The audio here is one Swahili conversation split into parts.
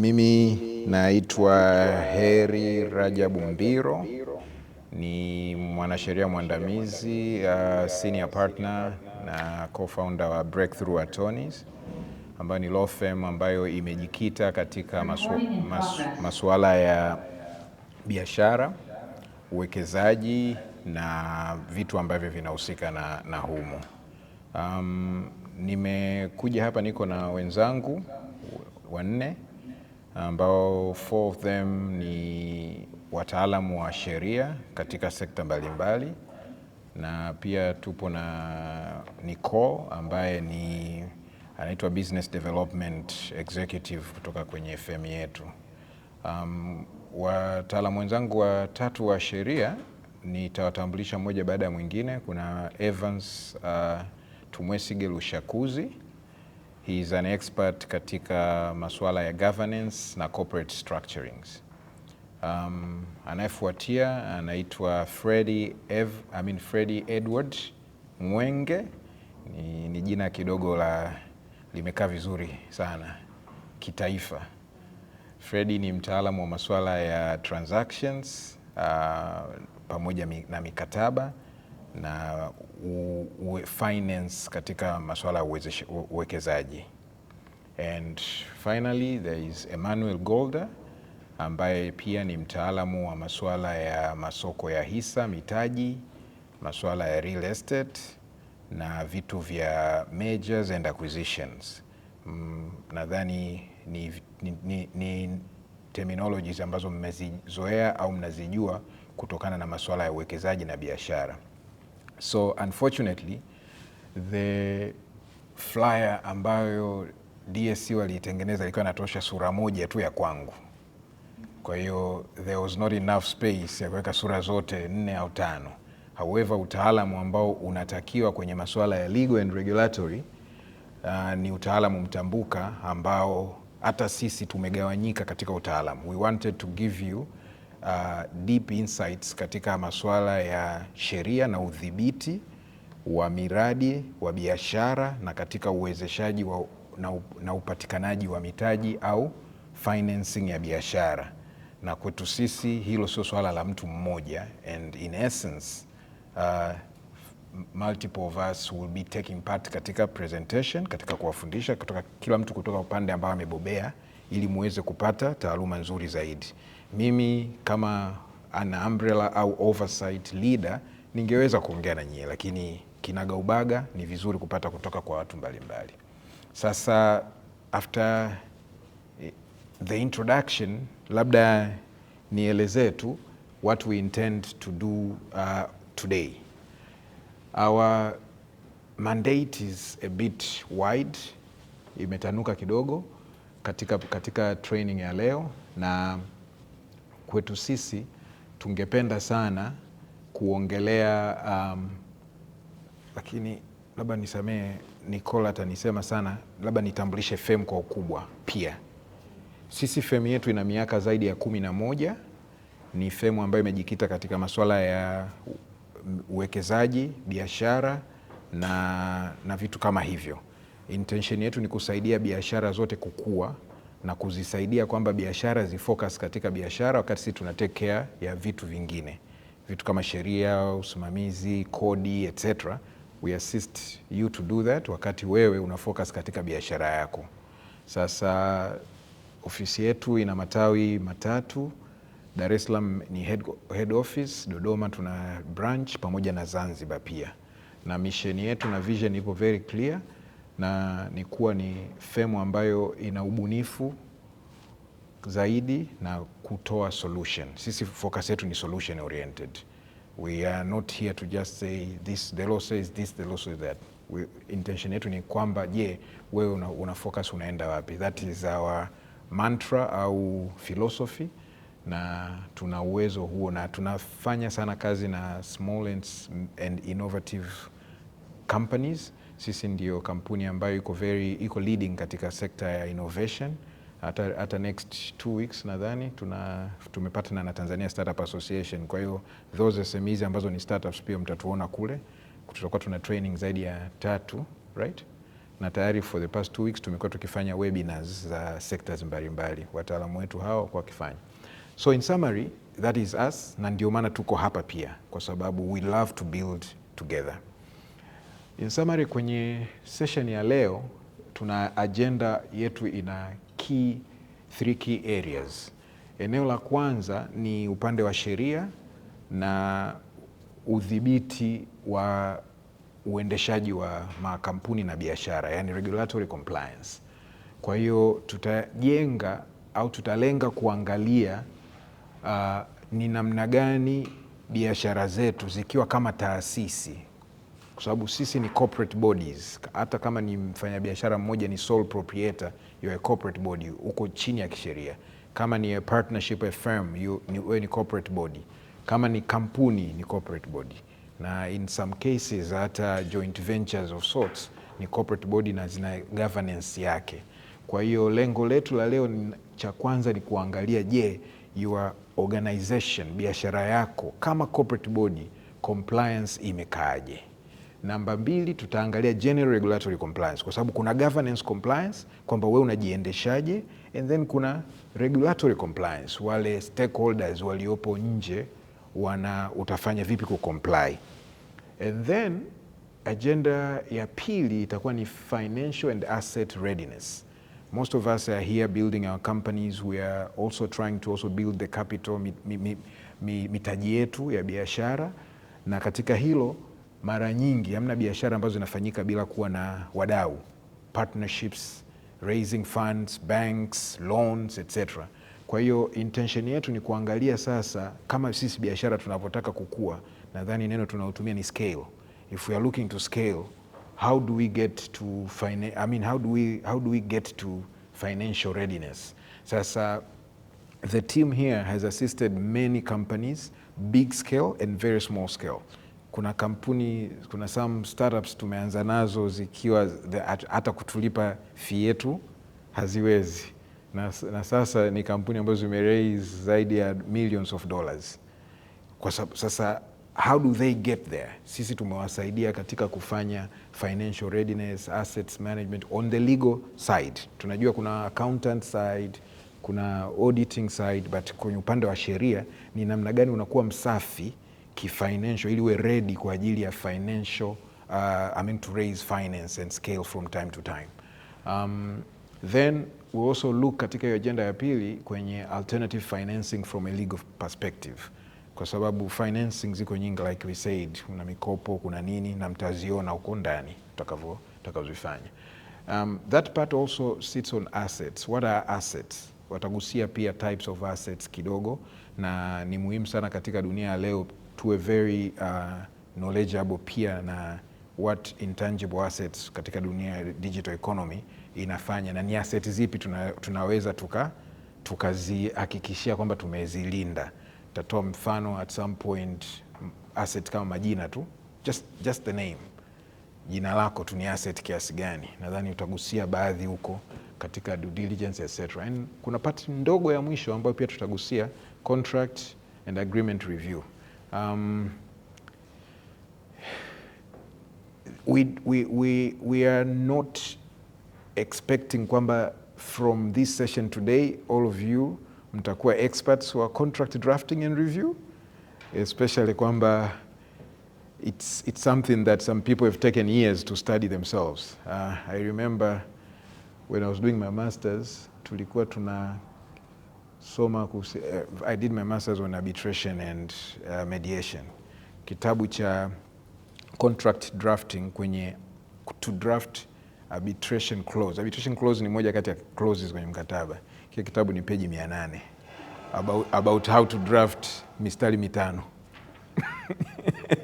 Mimi naitwa Heri Rajabu Mbiro, ni mwanasheria mwandamizi uh, senior partner na co-founder wa Breakthrough Attorneys ambayo ni law firm ambayo imejikita katika masu, masu, masuala ya biashara, uwekezaji na vitu ambavyo vinahusika na, na humo. Um, nimekuja hapa niko na wenzangu wanne ambao four of them ni wataalamu wa sheria katika sekta mbalimbali mbali, na pia tupo na Nicole ambaye ni anaitwa business development executive kutoka kwenye FM yetu. Um, wataalamu wenzangu watatu wa sheria nitawatambulisha mmoja baada ya mwingine. Kuna Evans uh, Tumwesige Lushakuzi He is an expert katika masuala ya governance na corporate structurings. Um, anayefuatia anaitwa Freddy Ev, I mean Freddy Edward Mwenge ni, ni jina kidogo la limekaa vizuri sana kitaifa. Freddy ni mtaalamu wa masuala ya transactions uh, pamoja na mikataba na u, u, finance katika masuala ya uwekezaji. And finally there is Emmanuel Golda ambaye pia ni mtaalamu wa masuala ya masoko ya hisa, mitaji, masuala ya real estate na vitu vya mergers and acquisitions. Mm, nadhani ni, ni, ni, ni terminologies ambazo mmezizoea au mnazijua kutokana na masuala ya uwekezaji na biashara. So unfortunately the flyer ambayo DSU alitengeneza ilikuwa inatosha sura moja tu ya kwangu, kwa hiyo there was not enough space ya kuweka sura zote nne au tano. However, utaalamu ambao unatakiwa kwenye masuala ya legal and regulatory uh, ni utaalamu mtambuka ambao hata sisi tumegawanyika katika utaalamu. We wanted to give you uh, deep insights katika masuala ya sheria na udhibiti wa miradi wa biashara na katika uwezeshaji wa, na, na upatikanaji wa mitaji au financing ya biashara, na kwetu sisi hilo sio swala la mtu mmoja, and in essence uh, multiple of us will be taking part katika presentation, katika kuwafundisha kutoka kila mtu kutoka upande ambao amebobea, ili muweze kupata taaluma nzuri zaidi mimi kama ana umbrella au oversight leader ningeweza kuongea na nyie, lakini kinagaubaga ni vizuri kupata kutoka kwa watu mbalimbali mbali. Sasa after eh, the introduction, labda nielezee tu what we intend to do uh, today. Our mandate is a bit wide, imetanuka kidogo katika, katika training ya leo na kwetu sisi tungependa sana kuongelea um, lakini labda nisamee Nicola atanisema sana, labda nitambulishe FEM kwa ukubwa pia. Sisi FEM yetu ina miaka zaidi ya kumi na moja. Ni FEM ambayo imejikita katika masuala ya uwekezaji, biashara na, na vitu kama hivyo. Intention yetu ni kusaidia biashara zote kukua na kuzisaidia kwamba biashara zifocus katika biashara, wakati sisi tuna take care ya vitu vingine, vitu kama sheria, usimamizi, kodi etc. We assist you to do that, wakati wewe una focus katika biashara yako. Sasa ofisi yetu ina matawi matatu. Dar es Salaam ni head, head office. Dodoma tuna branch pamoja na Zanzibar pia, na misheni yetu na vision ipo very clear na ni kuwa ni femu ambayo ina ubunifu zaidi na kutoa solution. Sisi focus yetu ni solution oriented. We are not here to just say this the law says this the law says that. We, intention yetu ni kwamba je, wewe una, una focus unaenda wapi? That is our mantra au philosophy na tuna uwezo huo na tunafanya sana kazi na small and, and innovative companies sisi ndio kampuni ambayo iko very iko leading katika sekta ya innovation. Hata, hata next two weeks nadhani tuna tumepatana na Tanzania Startup Association. Kwa hiyo those SMEs ambazo ni startups pia mtatuona kule, tutakuwa tuna training zaidi ya tatu right? Na tayari for the past two weeks tumekuwa tukifanya webinars za sectors mbalimbali wataalamu wetu hao kwa kifanya. So in summary that is us, na ndio maana tuko hapa pia kwa sababu we love to build together. In summary, kwenye session ya leo tuna ajenda yetu ina key, three key areas. Eneo la kwanza ni upande wa sheria na udhibiti wa uendeshaji wa makampuni na biashara, yani regulatory compliance. Kwa hiyo tutajenga au tutalenga kuangalia uh, ni namna gani biashara zetu zikiwa kama taasisi kwa sababu sisi ni corporate bodies. Hata kama ni mfanyabiashara mmoja ni sole proprietor, you are a corporate body, uko chini ya kisheria. Kama ni a partnership a firm, you ni, we ni corporate body. Kama ni kampuni ni corporate body, na in some cases hata joint ventures of sorts ni corporate body na zina governance yake. Kwa hiyo lengo letu la leo cha kwanza ni kuangalia, je, your organization biashara yako kama corporate body compliance imekaaje? Namba mbili tutaangalia general regulatory compliance, kwa sababu kuna governance compliance kwamba wewe unajiendeshaje, and then kuna regulatory compliance, wale stakeholders waliopo nje wana utafanya vipi ku comply, and then agenda ya pili itakuwa ni financial and asset readiness. Most of us are here building our companies. We are also trying to also build the capital, mitaji yetu ya biashara, na katika hilo mara nyingi hamna biashara ambazo zinafanyika bila kuwa na wadau, partnerships, raising funds, banks, loans etc. Kwa hiyo intention yetu ni kuangalia sasa, kama sisi biashara tunavyotaka kukua, nadhani neno tunaotumia ni scale. If we are looking to scale, how do we get to finan I mean, how do we, how do we get to financial readiness? Sasa the team here has assisted many companies big scale and very small scale kuna kampuni, kuna some startups tumeanza nazo zikiwa hata kutulipa fee yetu haziwezi na, na sasa ni kampuni ambazo zimerei zaidi ya millions of dollars kwa sababu sasa how do they get there? Sisi tumewasaidia katika kufanya financial readiness, assets management on the legal side. Tunajua kuna accountant side, kuna auditing side, but kwenye upande wa sheria ni namna gani unakuwa msafi kifinancial ili uwe ready kwa ajili ya financial uh, I mean to raise finance and scale from time to time. Um, then we also look katika hiyo ajenda ya pili kwenye alternative financing from a legal perspective, kwa sababu financing ziko nyingi like we said, kuna mikopo, kuna nini na mtaziona huko ndani tutakavyo Um, that part also sits on assets. What are assets? Watagusia pia types of assets kidogo, na ni muhimu sana katika dunia ya leo tuwe very uh, knowledgeable pia na what intangible assets katika dunia ya digital economy inafanya na ni asset zipi tuna, tunaweza tuka tukazihakikishia tuka kwamba tumezilinda. Tatoa mfano at some point asset kama majina tu just, just the name jina lako tu ni asset kiasi gani? Nadhani utagusia baadhi huko katika due diligence etc. And kuna part ndogo ya mwisho ambayo pia tutagusia contract and agreement review. Um, we, we, we, we are not expecting kwamba from this session today all of you mtakuwa experts wa contract drafting and review especially kwamba it's, it's something that some people have taken years to study themselves. Uh, I remember when I was doing my masters tulikuwa tuna soma kuhusu, uh, eh, I did my masters on arbitration and uh, mediation, kitabu cha contract drafting kwenye to draft arbitration clause. Arbitration clause ni moja kati ya clauses kwenye mkataba. Kile kitabu ni peji 800 about, about how to draft mistari mitano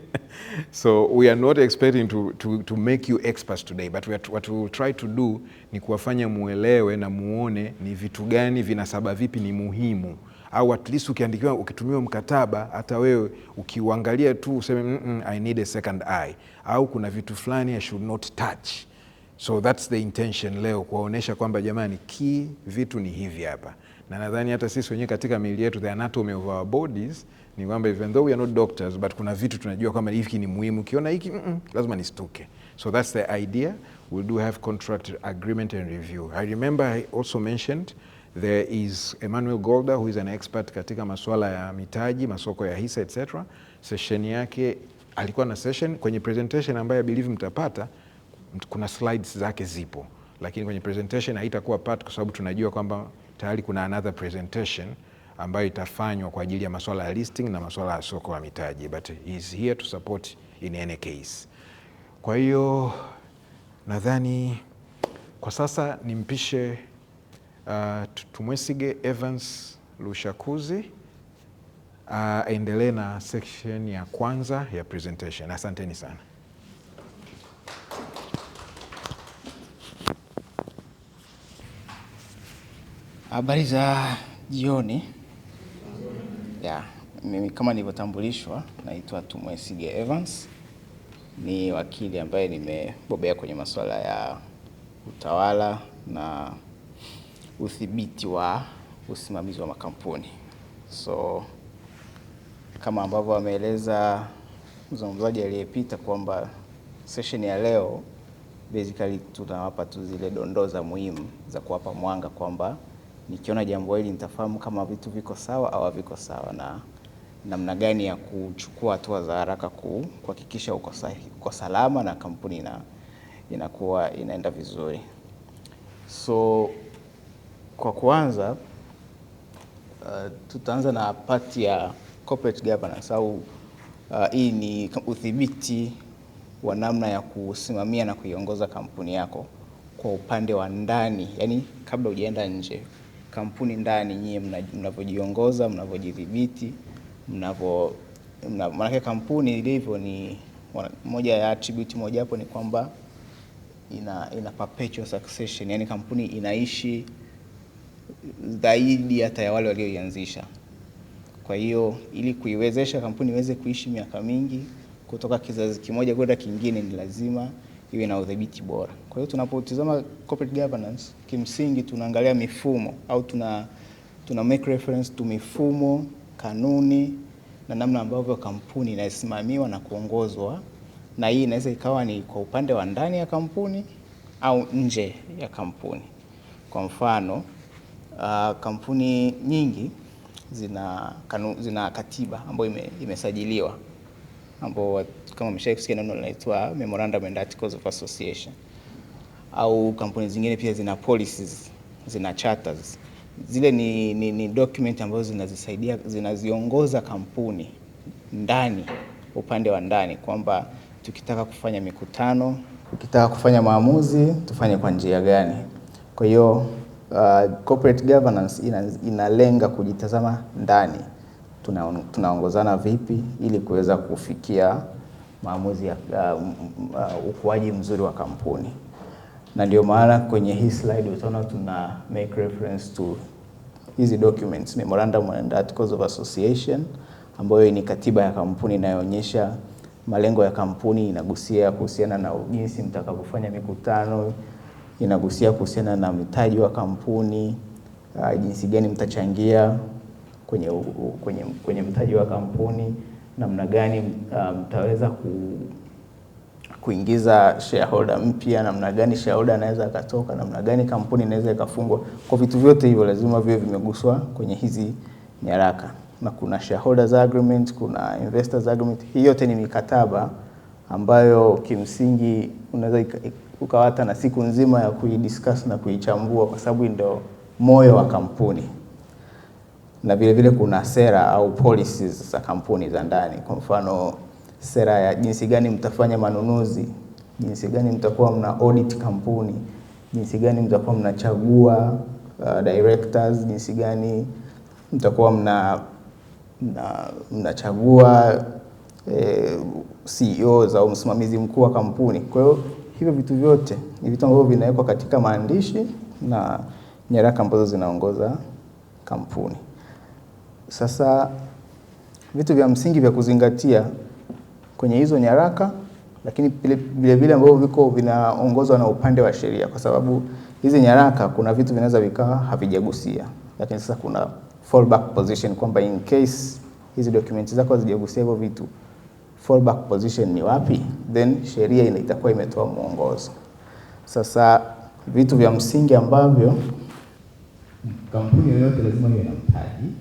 so we are not expecting to, to, to make you experts today but we are, what we will try to do ni kuwafanya muelewe na muone ni vitu gani vinasaba vipi ni muhimu au at least ukiandikiwa ukitumiwa mkataba, hata wewe ukiuangalia tu useme mm -mm, I need a second eye, au kuna vitu fulani I should not touch. So that's the intention leo, kuwaonyesha kwamba jamani, ki vitu ni hivi hapa na nadhani hata sisi wenyewe katika miili yetu, the anatomy of our bodies ni kwamba even though we are not doctors but kuna vitu tunajua kwamba hiki ni muhimu, ukiona hiki mm -mm, lazima nistuke. So that's the idea. We do have contract agreement and review. I remember I also mentioned there is Emmanuel Golda who is an expert katika masuala ya mitaji, masoko ya hisa etc. Session yake alikuwa na session kwenye presentation ambayo I believe mtapata, kuna slides zake zipo, lakini kwenye presentation haitakuwa part kwa sababu tunajua kwamba tayari kuna another presentation ambayo itafanywa kwa ajili ya masuala ya listing na masuala ya soko la mitaji, but is here to support in any case. Kwa hiyo nadhani kwa sasa nimpishe uh, tumwesige Evans Lushakuzi uh, aendelee uh, na section ya kwanza ya presentation. Asanteni sana. Habari za jioni. Ya, mimi kama nilivyotambulishwa naitwa Tumwesige Evans, ni wakili ambaye nimebobea kwenye masuala ya utawala na udhibiti wa usimamizi wa makampuni. So kama ambavyo ameeleza mzungumzaji aliyepita kwamba session ya leo basically tunawapa tu zile dondoo za muhimu za kuwapa mwanga kwamba nikiona jambo hili nitafahamu kama vitu viko sawa au haviko sawa na namna gani ya kuchukua hatua za haraka kuhakikisha uko sahihi, uko salama na kampuni ina, inakuwa inaenda vizuri. So kwa kwanza uh, tutaanza na pati ya corporate governance au uh, hii ni udhibiti wa namna ya kusimamia na kuiongoza kampuni yako kwa upande wa ndani, yani kabla hujaenda nje kampuni ndani nyie mnavyojiongoza, mnavyojidhibiti, mnavyo maanake kampuni ilivyo ni moja ya attribute moja hapo ni kwamba ina, ina perpetual succession, yani kampuni inaishi zaidi hata ya wale walioianzisha. Kwa hiyo ili kuiwezesha kampuni iweze kuishi miaka mingi kutoka kizazi kimoja kwenda kingine, ni lazima iwe na udhibiti bora. Kwa hiyo tunapotizama corporate governance, kimsingi tunaangalia mifumo au tuna, tuna make reference to mifumo, kanuni na namna ambavyo kampuni inasimamiwa na kuongozwa, na hii inaweza ikawa ni kwa upande wa ndani ya kampuni au nje ya kampuni. Kwa mfano uh, kampuni nyingi zina, kanu, zina katiba ambayo ime, imesajiliwa ambao kama umeshaisikia neno linaitwa Memorandum and Articles of Association, au kampuni zingine pia zina policies, zina charters. Zile ni, ni, ni document ambazo zinazisaidia zinaziongoza kampuni ndani, upande wa ndani, kwamba tukitaka kufanya mikutano, tukitaka kufanya maamuzi tufanye kwa njia gani. Kwa hiyo uh, corporate governance inalenga kujitazama ndani tunaongozana vipi ili kuweza kufikia maamuzi ya uh, ukuaji mzuri wa kampuni, na ndio maana kwenye hii slide utaona tuna make reference to hizi documents, memorandum and articles of association, ambayo ni katiba ya kampuni inayoonyesha malengo ya kampuni, inagusia kuhusiana na jinsi mtakavyofanya mikutano, inagusia kuhusiana na mtaji wa kampuni, uh, jinsi gani mtachangia kwenye, kwenye, kwenye mtaji wa kampuni, namna gani uh, mtaweza um, ku, kuingiza shareholder mpya, namna gani shareholder anaweza akatoka, namna gani kampuni inaweza ikafungwa. Kwa vitu vyote hivyo lazima viwe vimeguswa kwenye hizi nyaraka, na kuna shareholders agreement, kuna investors agreement. Hii yote ni mikataba ambayo kimsingi unaweza ukawata na siku nzima ya kuidiscuss na kuichambua, kwa sababu ndio moyo wa kampuni na vile kuna sera au policies za kampuni za ndani, kwa mfano sera ya jinsi gani mtafanya manunuzi, jinsi gani mtakuwa mna audit kampuni, jinsi gani mtakuwa mnachagua uh, directors, jinsi gani mtakuwa mna mnachagua eh, CEO au msimamizi mkuu wa kampuni. Kwa hiyo hivyo vitu vyote ni vitu ambavyo vinawekwa katika maandishi na nyaraka ambazo zinaongoza kampuni. Sasa vitu vya msingi vya kuzingatia kwenye hizo nyaraka, lakini vile vile ambavyo viko vinaongozwa na upande wa sheria, kwa sababu hizi nyaraka kuna vitu vinaweza vikawa havijagusia, lakini sasa kuna fallback position kwamba in case hizi dokumenti zako hazijagusia hivyo vitu, fallback position ni wapi? Then sheria itakuwa imetoa mwongozo. Sasa vitu vya msingi ambavyo kampuni yoyote lazima iwe na mtaji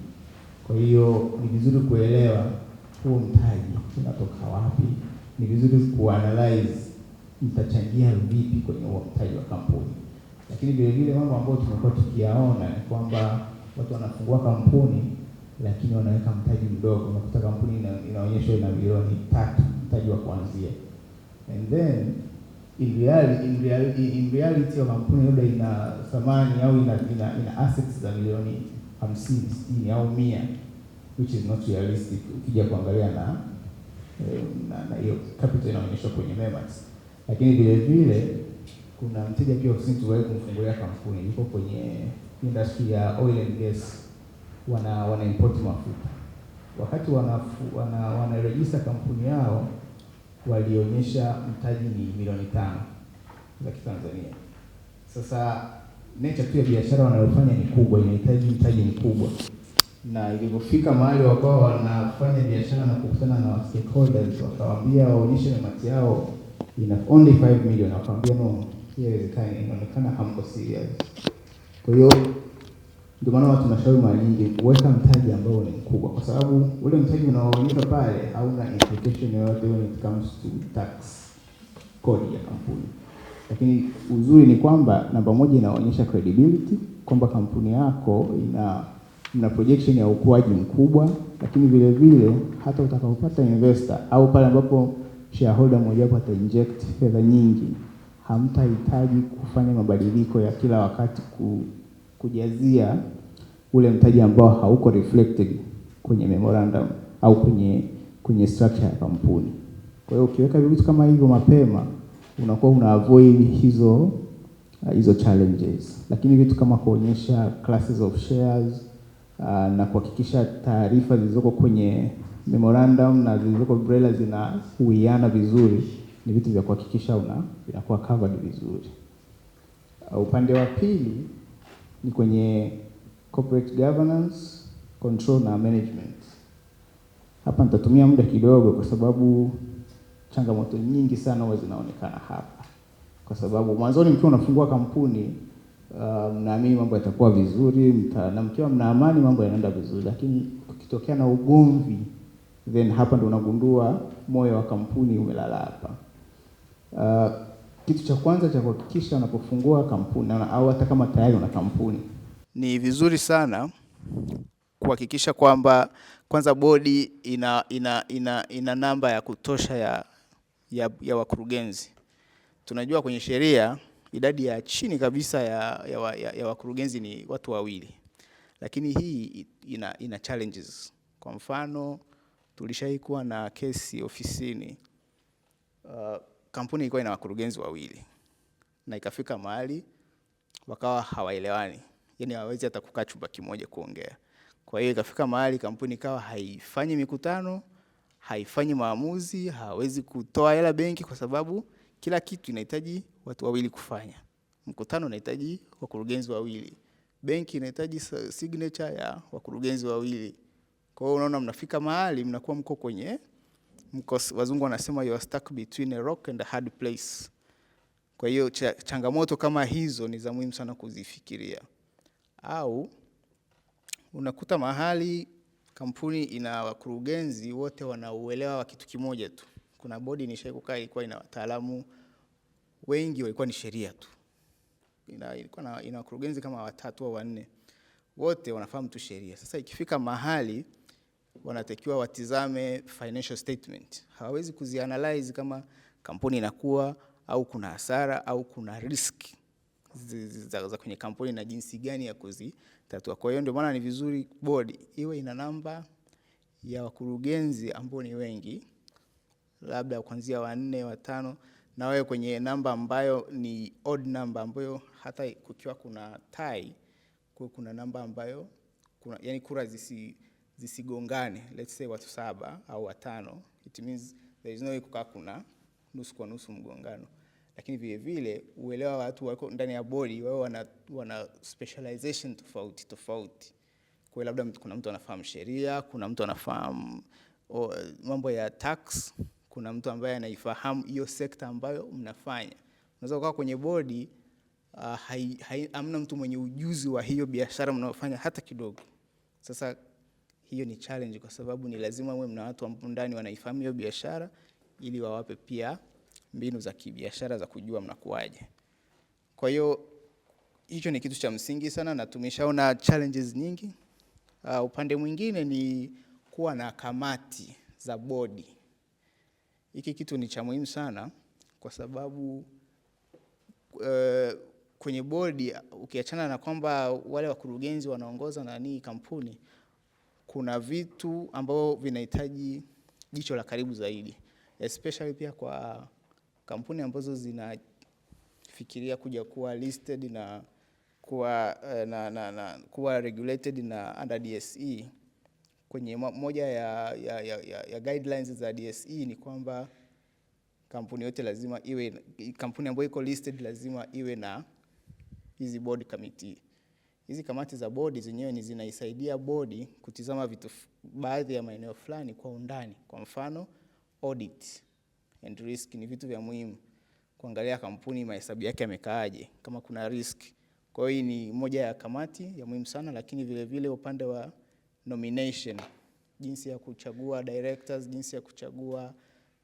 kwa hiyo ni vizuri kuelewa huo mtaji unatoka wapi, ni vizuri kuanalyze mtachangia vipi kwenye huo mtaji wa kampuni. Lakini vile vile mambo ambayo tumekuwa tukiyaona ni kwamba watu wanafungua kampuni lakini wanaweka mtaji mdogo. Unakuta kampuni inaonyeshwa ina milioni tatu mtaji wa kuanzia, and then in reality, in reality, in reality kampuni labda ina thamani au ina, ina, ina assets za milioni hamsini sitini au mia which is not realistic ukija kuangalia na eh, na hiyo capital inaonyeshwa kwenye members. Lakini vile vile kuna mteja pia ofisini tuwahi kumfungulia kampuni, yuko kwenye industry ya oil and gas, wana wana import mafuta. Wakati wana wana, wana register kampuni yao walionyesha mtaji ni milioni tano za Kitanzania. Sasa nature tu ya biashara wanayofanya ni kubwa, inahitaji mtaji mkubwa, na ilivyofika mahali wakawa wanafanya biashara na kukutana na stakeholders, wakawaambia waonyeshe mati yao ina only 5 million, wakawaambia no, hiyo haiwezekani, inaonekana hamko serious. Kwa hiyo ndio maana watu nashauri mara nyingi kuweka mtaji ambao ni mkubwa, kwa sababu ule mtaji unaoonyesha pale hauna implication yoyote when it comes to tax, kodi ya kampuni. Lakini uzuri ni kwamba namba moja inaonyesha credibility kwamba kampuni yako ina na projection ya ukuaji mkubwa, lakini vile vile hata utakapopata investor au pale ambapo shareholder mmoja wapo inject fedha nyingi, hamtahitaji kufanya mabadiliko ya kila wakati ku, kujazia ule mtaji ambao hauko reflected kwenye memorandum au kwenye kwenye structure ya kampuni. Kwa hiyo ukiweka vitu kama hivyo mapema unakuwa una avoid hizo uh, hizo challenges, lakini vitu kama kuonyesha classes of shares uh, na kuhakikisha taarifa zilizoko kwenye memorandum na zilizoko BRELA zinahuiana vizuri ni vitu vya kuhakikisha una vinakuwa covered vizuri. Uh, upande wa pili ni kwenye corporate governance, control na management. Hapa nitatumia muda kidogo kwa sababu changamoto nyingi sana huwa zinaonekana hapa, kwa sababu mwanzoni mkiwa unafungua kampuni uh, mnaamini um, mambo yatakuwa vizuri mta, na mkiwa mna amani mambo yanaenda vizuri, lakini ukitokea na ugomvi, then hapa ndo unagundua moyo wa kampuni umelala hapa. Uh, kitu cha kwanza cha kuhakikisha unapofungua kampuni au hata kama tayari una kampuni, ni vizuri sana kuhakikisha kwamba kwanza bodi ina, ina, ina, ina namba ya kutosha ya ya, ya wakurugenzi. Tunajua kwenye sheria idadi ya chini kabisa ya, ya, ya, ya wakurugenzi ni watu wawili, lakini hii ina, ina challenges. Kwa mfano tulishai kuwa na kesi ofisini uh, kampuni ilikuwa ina wakurugenzi wawili na ikafika mahali wakawa hawaelewani, yani hawawezi hata kukaa chumba kimoja kuongea. Kwa hiyo ikafika mahali kampuni ikawa haifanyi mikutano haifanyi maamuzi, hawezi kutoa hela benki kwa sababu kila kitu inahitaji watu wawili kufanya. Mkutano unahitaji wakurugenzi wawili, benki inahitaji signature ya wakurugenzi wawili. Kwa hiyo unaona, mnafika mahali mnakuwa mko kwenye mko, wazungu wanasema you are stuck between a rock and a hard place. Kwa hiyo ch changamoto kama hizo ni za muhimu sana kuzifikiria, au unakuta mahali kampuni ina wakurugenzi wote wanauelewa wa kitu kimoja tu. Kuna bodi nishai kukaa ilikuwa ina wataalamu wengi, walikuwa ni sheria tu, ilikuwa ina wakurugenzi kama watatu au wanne, wote wanafahamu tu sheria. Sasa ikifika mahali wanatakiwa watizame financial statement, hawawezi kuzianalyze kama kampuni inakuwa au kuna hasara au kuna risk za kwenye kampuni na jinsi gani ya kuzi kutatua. Kwa hiyo ndio maana ni vizuri bodi iwe ina namba ya wakurugenzi ambao ni wengi, labda kuanzia wanne, watano, na wawe kwenye namba ambayo ni odd number, ambayo hata kukiwa kuna tie, kwa kuna namba ambayo kuna, yani kura zisi zisigongane let's say watu saba au watano, it means there is no way kukaa kuna nusu kwa nusu mgongano lakini vile vile uelewa watu wako ndani ya bodi, wao wana, wana specialization tofauti tofauti. Kwa labda kuna mtu anafahamu sheria, kuna mtu anafahamu mambo ya tax, kuna mtu ambaye anaifahamu hiyo sekta ambayo mnafanya. Unaweza kukaa kwenye bodi ah, uh, hai, hamna mtu mwenye ujuzi wa hiyo biashara mnayofanya hata kidogo. Sasa hiyo ni challenge, kwa sababu ni lazima uwe mna watu ambao ndani wanaifahamu hiyo biashara ili wawape pia mbinu za kibiashara za kujua mnakuwaje. Kwa hiyo hicho ni kitu cha msingi sana na tumeshaona challenges nyingi. Uh, upande mwingine ni kuwa na kamati za bodi. Hiki kitu ni cha muhimu sana kwa sababu uh, kwenye bodi ukiachana na kwamba wale wakurugenzi wanaongoza na nini kampuni, kuna vitu ambavyo vinahitaji jicho la karibu zaidi, especially pia kwa kampuni ambazo zinafikiria kuja kuwa listed na kuwa, eh, na, na, na, kuwa regulated na under DSE kwenye moja ya, ya, ya, ya guidelines za DSE ni kwamba kampuni yote lazima iwe, kampuni ambayo iko listed lazima iwe na hizi board committee. Hizi kamati za bodi zenyewe ni zinaisaidia bodi kutizama vitu, baadhi ya maeneo fulani kwa undani, kwa mfano audit and risk ni vitu vya muhimu kuangalia kampuni mahesabu yake yamekaaje, kama kuna risk. Kwa hiyo ni moja ya kamati ya muhimu sana, lakini vile vile upande wa nomination, jinsi ya kuchagua directors, jinsi ya kuchagua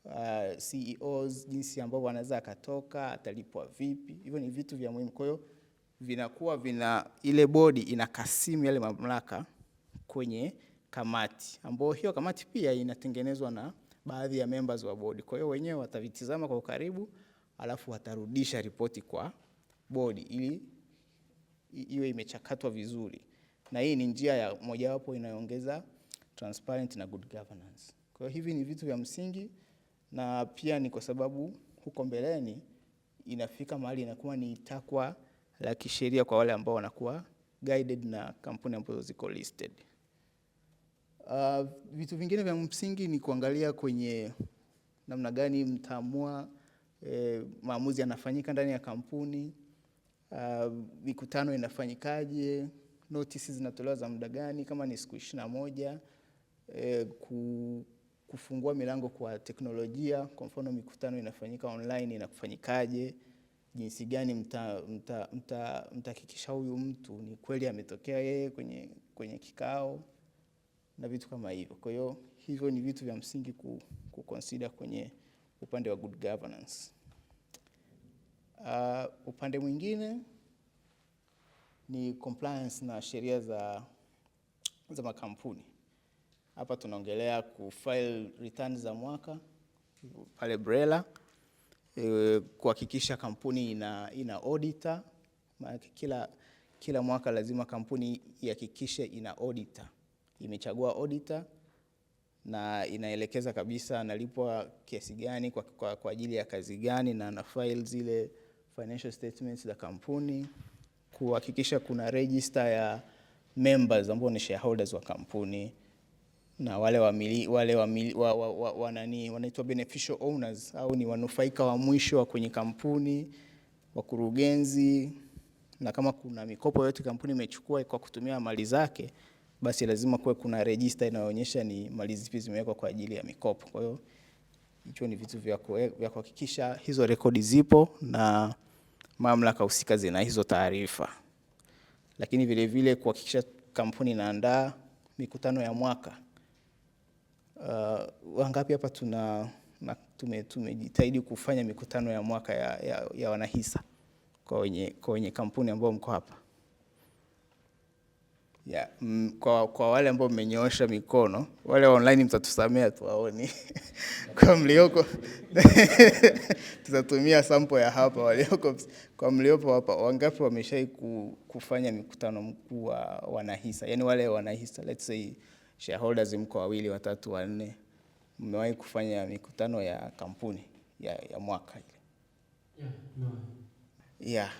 uh, CEOs, jinsi ambavyo anaweza akatoka, atalipwa vipi, hivyo ni vitu vya muhimu. Kwa hiyo vinakuwa vina ile bodi inakasimu yale mamlaka kwenye kamati ambayo hiyo kamati pia inatengenezwa na baadhi ya members wa bodi. Kwa hiyo wenyewe watavitizama kwa ukaribu, alafu watarudisha ripoti kwa bodi ili iwe imechakatwa vizuri, na hii ni njia ya mojawapo inayoongeza transparent na good governance. Kwa hiyo hivi ni vitu vya msingi, na pia ni kwa sababu huko mbeleni inafika mahali inakuwa ni takwa la kisheria kwa wale ambao wanakuwa guided na kampuni ambazo ziko listed. Uh, vitu vingine vya msingi ni kuangalia kwenye namna gani mtaamua eh, maamuzi yanafanyika ndani ya kampuni, uh, mikutano inafanyikaje, notisi zinatolewa za muda gani, kama ni siku ishirini na moja eh, ku, kufungua milango kwa teknolojia. Kwa mfano mikutano inafanyika online inakufanyikaje, jinsi gani mtahakikisha mta, mta, mta huyu mtu ni kweli ametokea yeye kwenye, kwenye kikao na vitu kama hivyo. Kwa hiyo hivyo ni vitu vya msingi consider kwenye upande wa good governance. Uh, upande mwingine ni compliance na sheria za, za makampuni. Hapa tunaongelea file return za mwaka pale BRELA, e, kuhakikisha kampuni ina, ina auditor. kila, kila mwaka lazima kampuni ihakikishe ina auditor imechagua auditor na inaelekeza kabisa analipwa kiasi gani kwa, kwa, kwa ajili ya kazi gani, na ana file zile financial statements za kampuni, kuhakikisha kuna register ya members ambao ni shareholders wa kampuni na wale wamili, wale wamili, wa, wa, wa, wa, nani wanaitwa beneficial owners au ni wanufaika wa mwisho wa kwenye kampuni, wakurugenzi, na kama kuna mikopo yote kampuni imechukua kwa kutumia mali zake basi lazima kuwe kuna rejista inayoonyesha ni mali zipi zimewekwa kwa ajili ya mikopo. Kwa hiyo hicho ni vitu vya kuhakikisha hizo rekodi zipo na mamlaka husika zina hizo taarifa, lakini vile vile kuhakikisha kampuni inaandaa mikutano ya mwaka. Uh, wangapi hapa tuna tumejitahidi tume kufanya mikutano ya mwaka ya, ya, ya wanahisa kwa wenye, kwa wenye kampuni ambao mko hapa Yeah, mm, kwa, kwa wale ambao mmenyoosha mikono, wale online mtatusamea tu waoni kwa mlioko tutatumia sample ya hapa walioko, kwa mliopo hapa, wangapi wameshai kufanya mikutano mkuu wa wanahisa, yaani wale wanahisa, let's say shareholders, mko wawili watatu wanne, mmewahi kufanya mikutano ya kampuni ya, ya mwaka ile yeah, no. yeah.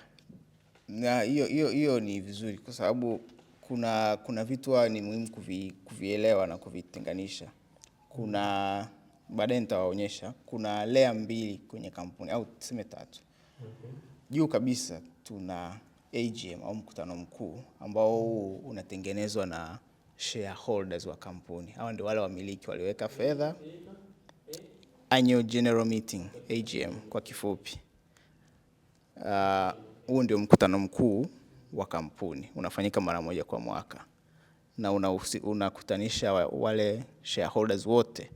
Na hiyo hiyo hiyo ni vizuri kwa sababu kuna, kuna vitu ni muhimu kuvi, kuvielewa na kuvitenganisha. Kuna baadaye nitawaonyesha, kuna layer mbili kwenye kampuni au tuseme tatu. Juu kabisa tuna AGM au mkutano mkuu ambao unatengenezwa na shareholders wa kampuni. Hawa ndio wale wamiliki walioweka fedha. Annual General Meeting, AGM kwa kifupi. Ah, huu uh, ndio mkutano mkuu wa kampuni unafanyika mara moja kwa mwaka na unakutanisha una wale shareholders wote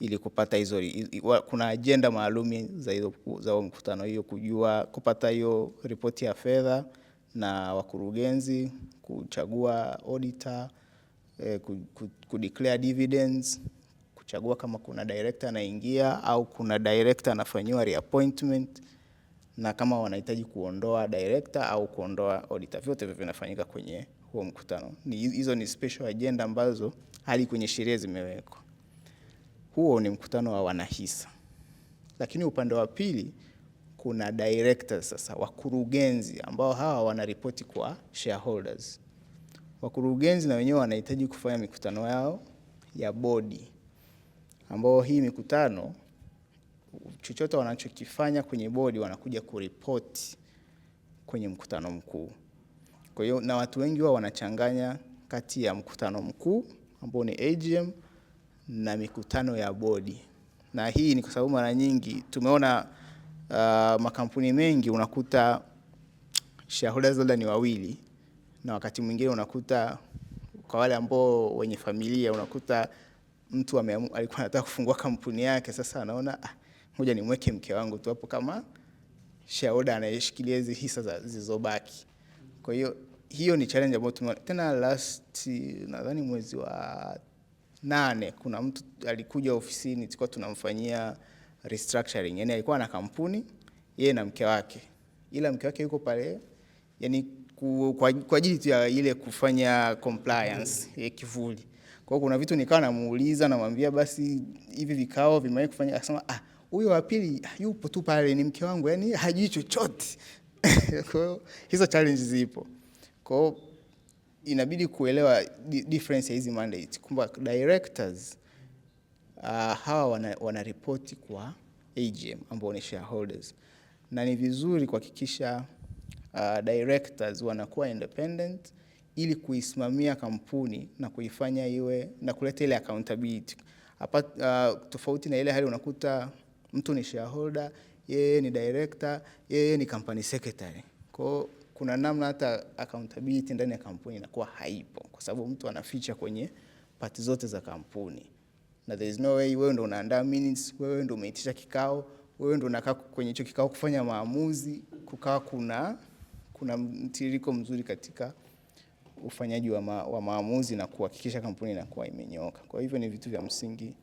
ili kupata hizo, kuna ajenda maalum za hizo za mkutano hiyo, kujua kupata hiyo ripoti ya fedha na wakurugenzi, kuchagua auditor, eh, declare dividends, kuchagua kama kuna director anaingia au kuna director anafanyiwa reappointment na kama wanahitaji kuondoa director au kuondoa auditor, vyote hivyo vinafanyika kwenye huo mkutano. Ni hizo ni special agenda ambazo hadi kwenye sheria zimewekwa. Huo ni mkutano wa wanahisa, lakini upande wa pili kuna directors, sasa wakurugenzi ambao hawa wanaripoti kwa shareholders. Wakurugenzi na wenyewe wanahitaji kufanya mikutano yao ya bodi, ambao hii mikutano chochote wanachokifanya kwenye bodi wanakuja kuripoti kwenye mkutano mkuu. Kwa hiyo na watu wengi wao wanachanganya kati ya mkutano mkuu ambao ni AGM na mikutano ya bodi, na hii ni kwa sababu mara nyingi tumeona uh, makampuni mengi unakuta shareholders labda ni wawili, na wakati mwingine unakuta kwa wale ambao wenye familia unakuta mtu alikuwa anataka kufungua kampuni yake, sasa anaona ah, ngoja nimweke mke wangu tu hapo kama shareholder anayeshikilia hizi hisa zilizobaki. Kwa hiyo hiyo ni challenge ambayo tumeona tena. Last nadhani mwezi wa nane, kuna mtu alikuja ofisini, tulikuwa tunamfanyia restructuring, yani alikuwa na kampuni yeye na mke wake, ila mke wake yuko pale yani ku, kwa, kwa ajili tu ya ile kufanya compliance mm-hmm. ya kivuli. Kwa hiyo kuna vitu nikawa namuuliza, namwambia basi hivi vikao vimewahi kufanya, akasema ah huyo wa pili yupo tu pale, ni mke wangu, yani hajui chochote kwa hiyo hizo challenges zipo, kwa hiyo inabidi kuelewa difference ya hizi mandate. Kumbuka directors uh, hawa wana, wana ripoti kwa AGM ambao ni shareholders, na ni vizuri kuhakikisha uh, directors wanakuwa independent ili kuisimamia kampuni na kuifanya iwe na kuleta ile accountability hapa, uh, tofauti na ile hali unakuta Mtu ni shareholder, yeye ni director, yeye ni company secretary. Kwa kuna namna hata accountability ndani ya kampuni inakuwa haipo kwa sababu mtu anaficha kwenye pati zote za kampuni. Na there is no way wewe ndo unaandaa minutes, wewe ndo umeitisha kikao, wewe ndo unakaa kwenye hicho kikao kufanya maamuzi, kukawa kuna kuna mtiririko mzuri katika ufanyaji wa, ma, wa maamuzi na kuhakikisha kampuni inakuwa imenyoka Kwa hivyo ni vitu vya msingi.